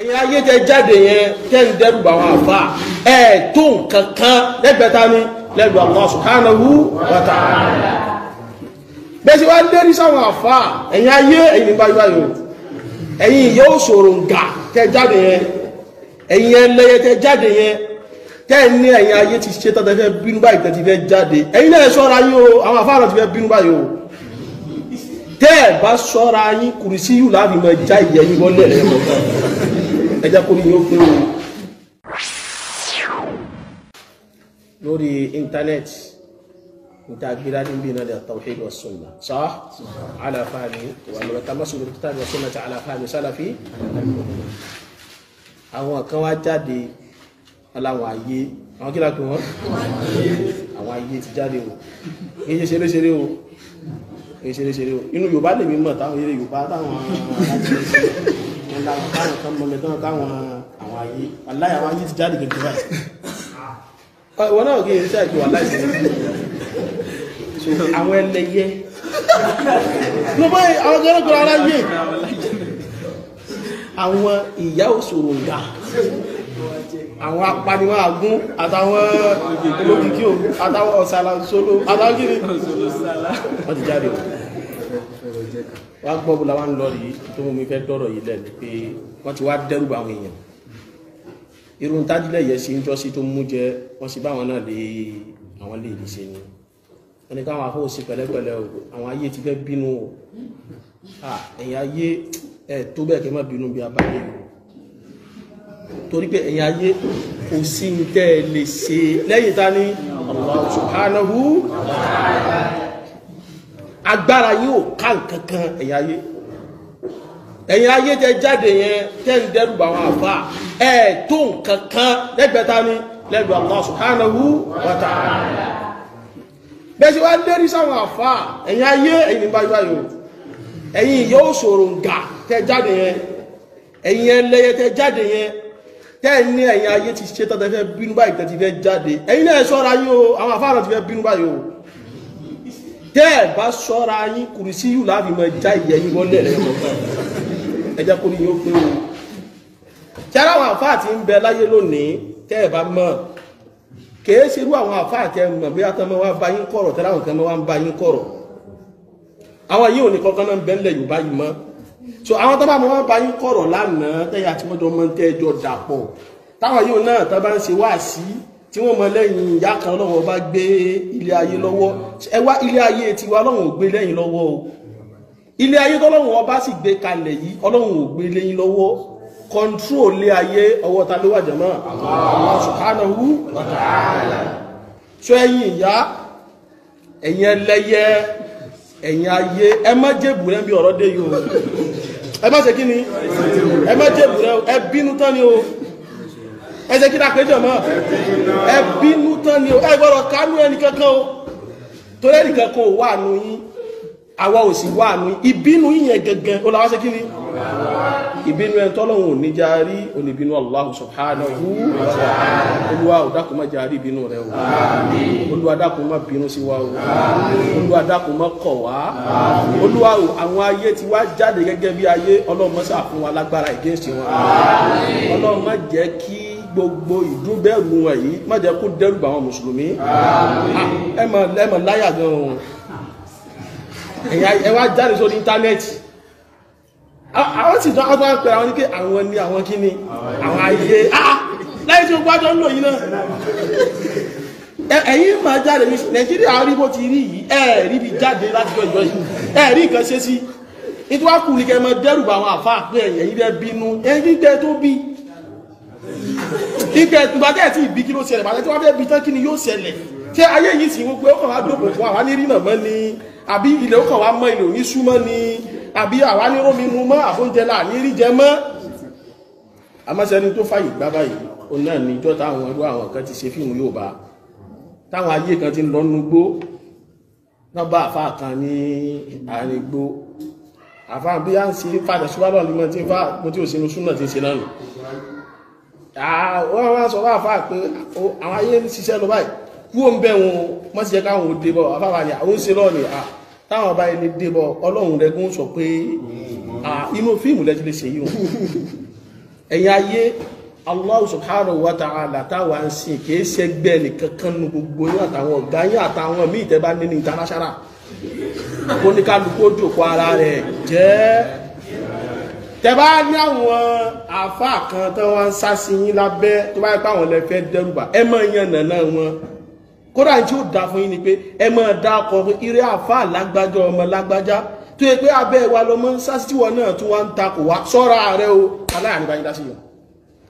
ẹ̀yin ayé tẹ jáde yẹn tẹ́ ń bá wọn àfa ẹ̀ tó nǹkan kan lẹ́gbẹ̀ta ni lẹ́gbẹ̀ẹ́ Allah subhanahu wa ta'ala bẹ́ẹ̀ sì wá ń dérí sáwọn àfa ẹ̀yin ayé ẹ̀yin nígbàgbáyò ẹ̀yin ìyá òṣòro ǹgà tẹ jáde yẹn ẹ̀yin ẹlẹ́yẹ tẹ jáde yẹn tẹ́ ẹ̀ ní ẹ̀yin ayé ti ṣe tọ́tẹ́ fẹ́ bínú báyìí tẹ́ ti fẹ́ jáde ẹ̀yin náà sọ́ra yín o àwọn àfa àrọ̀ ti fẹ́ bínú báyìí o tẹ́ ẹ̀ bá sọ́ra yín kùrìsíyù láàrin mọ́ já ìyẹ̀yìn wọlé rẹ̀ ẹjẹ́ kó ní yóò pé o lórí íńtánẹ́ẹ̀tì níta gbéra ní bí náà tawhid wa sunna sá aláfáàmì wà lọ́wọ́ tá a máa sọ̀rọ̀ kitabi wa sunna ti aláfáàmì sálàfí àwọn kan wá jáde aláwọ̀ ayé àwọn kí lápẹ̀ wọ́n àwọn ayé ti jáde o èyí ṣeré-ṣeré o èyí ṣeré o inú Yorùbá lè mímọ̀ táwọn eré Yorùbá táwọn aláàtì láwọn táwọn kan lọlẹ̀ tán táwọn àwọn ayé aláì àwọn ayé ti jáde gẹ̀gẹ̀ báyìí ah. wọn náà kí n àjò aláì sí àwọn ẹlẹyẹ ló bá àwọn gẹ́rẹ́gẹ́rẹ́ ara yé àwọn ìyá òṣòro ìgbà àwọn apaniwa agún àtàwọn olókìkí ògún àtàwọn ọ̀sàlà sóló àtàwọn kìíní wọ́n ti wá gbọ́ bó la wá ń lọ yìí tó mú mi fẹ́ dọ̀rọ̀ yìí lẹ́nu pé wọ́n ti wá dẹ́rù bá àwọn èèyàn irun tájílẹ̀ yẹn ṣe ń jọ́sí tó mú jẹ wọ́n sì báwọn náà lé àwọn lè ṣe ni wọ́n ní káwọn afọ́ sí pẹ̀lẹ́pẹ̀lẹ́ o àwọn ayé ti fẹ́ bínú o ẹ̀yin ayé ẹ̀ tó bẹ́ẹ̀ kẹ́ má bínú bí abáyé o torí pé ẹ̀yin ayé kò sí ní lè ṣe lẹ́yìn ta subhanahu wa ta'ala agbára yóò ká nǹkan kan ẹ̀yin ayé ẹ̀yin ayé tẹ jáde yẹn tẹ́ ń dẹ́rùbà àwọn àfa ẹ̀ tó nǹkan kan lẹ́gbẹ̀ta ni lẹ́gbẹ̀ẹ́ Allah subhanahu wa ta'ala bẹ́ẹ̀ ṣe wá ń dérí sáwọn àfa ẹ̀yin ayé ẹ̀yin ní báyìí báyìí o ẹ̀yin ìyá òṣòro ǹgà tẹ jáde yẹn ẹ̀yin ẹlẹ́yẹ tẹ jáde yẹn tẹ́ẹ̀ ní ẹ̀yin ayé ti ṣe tọ́tẹ́ bínú báyìí tẹ́ ti fẹ́ jáde ẹ̀yin náà ṣọ́ra yìí o àwọn àfa náà ti fẹ́ bínú báyìí o tẹ́ ẹ̀ bá sọ́ra yín kùrìsí yìí láàbì mọ̀ já ìyẹ́ yín wọlé rẹ̀ ẹ jẹ́ kó ní yóò pé o tí ara àwọn àfáà ti ń bẹ láyé lónìí tẹ́ ẹ̀ bá mọ̀ kèé ṣe àwọn àfáà tẹ́ mọ̀ bí atọ́ mọ́ wá bá yín kọ̀rọ̀ tẹ́lá àwọn kan wá ń bá yín kọ̀rọ̀ àwọn yìí ò ní kankan náà ń bẹ ńlẹ̀ Yorùbá yìí mọ́ so àwọn tó bá mọ́ wá bá yín kọ̀rọ̀ lánàá tẹ́yà tí wọ́n jọ mọ́ ń tẹ́jọ dàpọ̀ táwọn yìí náà tó ń ṣe wáàsí tí wọ́n mọ lẹ́yìn ìyá kan ọlọ́run ọba gbé ilé ayé lọ́wọ́ ẹ wá ilé ayé tiwa ọlọ́run ò gbé lẹ́yìn lọ́wọ́ o ilé ayé tọ́lọ́run ọba sì gbé kalẹ̀ yìí ọlọ́run ò gbé lẹ́yìn lọ́wọ́ kọ́ńtró ilé ayé ọwọ́ ta ló wà jẹ̀mọ́ Allah subhanahu wa ta'ala sọ ẹ̀yin ìyá ẹ̀yin ẹlẹ́yẹ ẹ̀yin ayé ẹ má jèbù rẹ̀ bí ọ̀rọ̀ dé yìí o ẹ má ṣe kí ni ẹ má jèbù rẹ̀ ẹ bínú tán ni o ẹsẹ̀ kí lápẹ́ jọ̀mọ́ ẹbínú tán ni o ẹ gbọ́dọ̀ kánú ẹnìkankan o torí ẹnìkankan ò wà nù yín àwa ò sì wà nù yín ìbínú yìnyẹn gẹ́gẹ́ ó làwọn ṣe kí ni ìbínú ẹni tọ́lọ́hun ò ní jarí oníbínú Allah subhanahu olúwa ò dákun má jarí ìbínú rẹ o olúwa dákun má bínú sí wa o olúwa dákun má kọ̀ wá olúwa ò àwọn ayé ti wá jáde gẹ́gẹ́ bí ayé ọlọ́run má fún wa lágbára against wa ọlọ́run má jẹ́ kí gbogbo ìdúbẹ̀rù wọn yìí má jẹ́ kó dẹ́rù bá àwọn mùsùlùmí ah, ẹ mọ̀ láyà gan o ẹ wá jáde sórí íńtánẹ́ẹ̀tì àwọn sì tán àwọn pẹ̀lú àwọn ní kí àwọn ní àwọn kí ni àwọn ayé ah, ah, láyé tí ó gbájọ́ ń lò yìí náà ẹ̀yìn máa jáde ní nàìjíríà rí bó ti rí yìí ẹ̀ rí bí jáde láti jọ ìjọ yìí ẹ̀ rí nǹkan ṣe sí ìtú wákùnrin kẹ́ mọ dẹ́rù bá àwọn àfáà pé ẹ̀yìn bẹ́ bínú ẹ̀yìn bẹ́ tó bí ike ìgbàdé ẹ̀ tí ìbí kí ló ṣẹlẹ̀ bàtẹ́ tí wọ́n fẹ́ bí tán kí ni yóò ṣẹlẹ̀ ṣé ayé yìí sì wọ́n pé ó kàn wá dókò fún àwa ní rìnà mọ́ ni àbí ilẹ̀ ó kàn wá mọ́ ilẹ̀ òní súnmọ́ ni àbí àwa ní rómi mu mọ́ àfóúnjẹ là ní rí jẹ mọ́. amáṣẹ́ni tó fàyè gbá báyìí ó náà ní ìjọ táwọn irú àwọn kan ti ṣe fíìmù Yorùbá táwọn ayé kan ti ń lọ nugbó náà bá àfáà kan ní àárín gbó àfáà bí a ń ṣe fàdà ṣùgbọ́n lọ́ọ̀lì mọ́ tí ó ṣe ní súnà ti ń àwọn ah, wá sọ fáfá pé àwọn ayé ṣiṣẹ́ lọ báyìí kúrò ń bẹ̀ wọn mọ́ sí jẹ́ káwọn ò débọ̀ afáfá ni àwọn ń ṣe lọ́ọ̀nì ah, táwọn ọba ẹni débọ̀ ọlọ́run rẹ̀ gún sọ pé ah, inú fíìmù lẹ́jú lè ṣe yìí o ẹ̀yin ayé Allah subhanahu wa ta'ala ń sìn kìí ṣẹgbẹ́ nìkan kan nu gbogbo yín àtàwọn ọ̀gá yín àtàwọn míì tẹ́ bá ní ní international kóníkálukú ó jòkó tẹ́bá ní àwọn àfa kan tó wọ́n ń sá sí yín lábẹ́ tó bá yẹ pé àwọn lè fẹ́ ẹ mọ̀ yan nànà wọn kódà tí ó da fún yín ni pé ẹ mọ̀ da ọkọ̀ pé eré àfa lágbájá ọmọ lágbájá tó yẹ pé abẹ́ wa lọmọ ń sá sí tiwọn náà tí wọ́n ń takò wá sọ́ra rẹ o aláàánú báyìí dá sí yẹn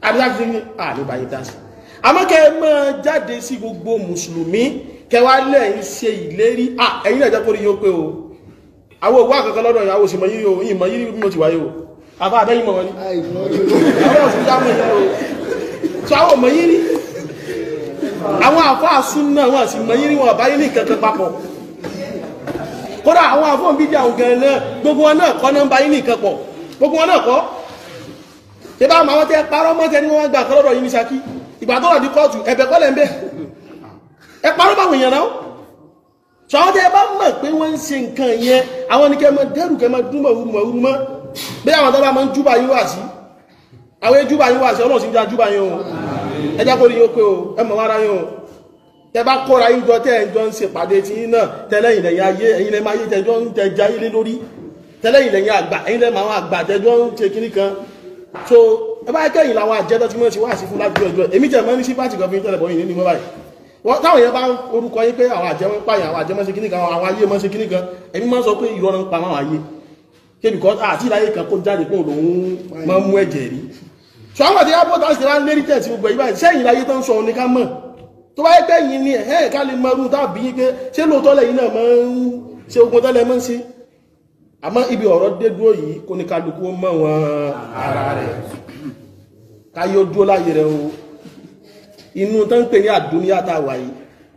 àdúrà ní àní báyìí dá sí àmọ́ kẹ́ ẹ mọ́ jáde sí gbogbo mùsùlùmí kẹ́ wá lẹ́yìn ṣe ìlérí à ẹ̀yin náà jẹ́ kórìí yóò pé o àwọn òwú àkọ́kọ́ lọ́dọ̀ yìí àwọn òṣèmọ̀ yìí àbá àbẹ́yìn mọ̀ wọn ni àwọn òṣìṣẹ́ àmọ̀ yìí o tó àwọn ọmọ yìí rí àwọn àfọ àsún náà wọn sì mọ yìí rí wọn ọ̀bá yìí ní kankan papọ̀ kódà àwọn àfọ òbí jà ògàn náà gbogbo wọn náà kọ́ nọ́mbà yìí ní nǹkan pọ̀ gbogbo wọn náà kọ́ ṣé bá àwọn tẹ parọ́ mọ́tẹ ni wọ́n gbà kọ́ lọ́dọ̀ yìí ní Ṣakí ìgbà tó lọ di kóòtù ẹ̀bẹ̀ kọ́ lẹ́ ń bẹ̀ ẹ parọ́ báwọn èèyàn náà sọ àwọn tẹ bá mọ̀ pé wọ́n ń ṣe nǹkan yẹn àwọn ni kẹ́ mọ dẹ́rù kẹ́ mọ dúnmọ̀ wúmọ̀ wúmọ̀ bí àwọn tó bá mọ́ ń júbà yín wà sí àwọn ejúbà yín wà sí ọlọ́sìn já júbà yín o ẹjá kó ní yóò pé o ẹmọ̀ ara yín o tẹ bá kóra yín jọ tẹ ẹjọ ń ṣèpàdé tí yín náà tẹlẹyìn lẹ́yìn ayé ẹ̀yin lẹ máa yé tẹjọ ń tẹja ilé lórí tẹlẹyìn lẹ́yìn àgbà ẹ̀yin lẹ máa àgbà tẹjọ ń ṣe kíní kan so ẹ bá kẹyìn làwọn àjẹtọ tí wọn ti wá sí fún láti ọjọ́ èmi tẹ mọ ní sípàtì táwọn yẹn bá ń orúkọ yín pé àwọn àjẹmọ pààyàn àwọn àjẹmọ ṣe kíní àwọn ayé mọ ṣe kíní kan èmi máa sọ pé ìrọrùn pa máa wáyé ṣé because àti ìdáyé kan kó jáde pọ̀ lòun máa mú ẹ̀jẹ̀ rí so àwọn a sì rán lérí tẹ̀sí gbogbo ìgbà sẹ́yìn láyé tó ń sọ ní ká mọ̀ tó bá yẹ pé yìí ni ẹ̀hẹ́ ká lè mọ irú tàbí yín pé ṣé lóòótọ́ lẹ́yìn náà máa ń ṣe ogun tẹ́lẹ̀ máa ń ibi ọ̀rọ̀ dé dúró yìí kó ní kálukú mọ̀ wọn ara rẹ̀ káyọ̀ dúró láyé rẹ̀ o inú tó ń pè ní àdúnyá tá yìí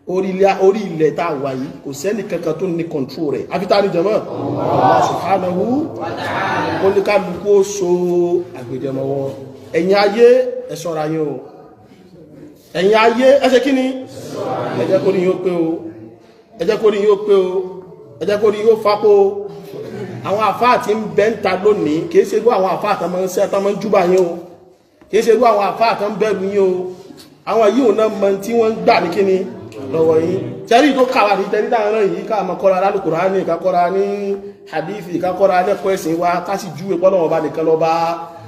orí ilẹ̀ tá a wà yìí kò kankan tó ní kọ̀ǹtró rẹ̀ afitari jama Allah subhanahu kóníkàlùkù ó so ẹ̀yin ayé ẹ ṣọ́ra o ẹ̀yin ayé ẹ kí ni ẹ kó ní yóò pé o ẹ kó ní fapó àwọn àfáà ń bẹ́ ń ta lónìí kìí ṣe gbọ́ àwọn àfáà tán máa ń ṣe àwọn yìí ò náà mọ tí lọ́wọ́ yín tẹ́rí tó kàwà ní tẹ́rí dáhùn yìí ká máa kọ́ra lálùkùrá ní ká kọ́ra ní hadithi ká kọ́ra lẹ́kọ̀ọ́ ẹ̀sìn wa ká sì júwe pọ́nà ọba nìkan lọ́ba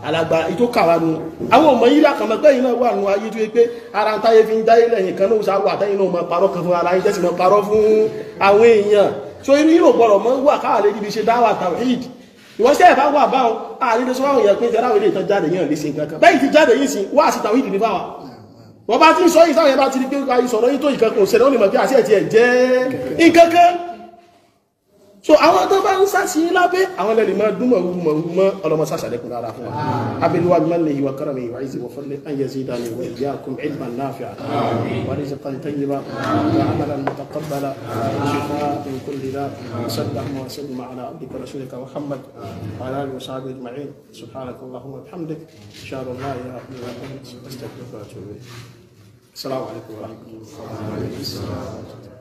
alàgbà ìtó kàwà nu àwọn ọmọ yìí lákàmọ́ pé yìí náà wà nù ayé tó yẹ pé ara ń táyé fi ń dáyé lẹ́yìn kan náà sáwọ́ àtẹ́yìn náà máa parọ́ kan fún ara yín tẹ́sí máa parọ́ fún àwọn èèyàn so inú yìí ò gbọ́dọ̀ mọ́ wà káwà lè níbi ṣe dáwà tawhid ìwọ́n sẹ́yẹ̀ bá wà báwọn àrídẹ́sọ́wọ́ àwọn èèyàn pé tẹ́láwọ̀ ilé ìtàn jáde yẹn lè ṣe nǹkan kan bẹ́ẹ̀ ti jáde yìí sí wà sí tawhid ní fáwọn wọ́n bá ti ń sọ ìsáwọn yẹn ti rí pé ìsọ̀rọ̀ yìí tó ìkankan òṣèré ó lè mọ̀ pé àṣẹ ti ẹ̀ jẹ́ ìkankan so àwọn tó bá ń si lábẹ́ àwọn le lẹ́rìí ma dún mọ̀rú mọ̀rú mọ́ ọlọ́mọ kun ara fún wa abẹ́lúwà bí máa lè wa kára mi ìwáyé ìwọ̀ fọ́lẹ̀ ayé sí ìdáni ìwọ̀ ìyá kún ẹ̀dùn aláàfíà wà ní sẹ́kàn tẹ́yẹ bá wà ámàlà min kulli da sadda ma mọ́ sẹ́dù màálà abdika rasulika muhammad wà ala láàrin wasaabi ismail subhanaka allahumma wa alhamdik sharon la ilaha illa anta astaghfiruka wa atubu ilayk assalamu alaikum wa rahmatullahi wa barakatuh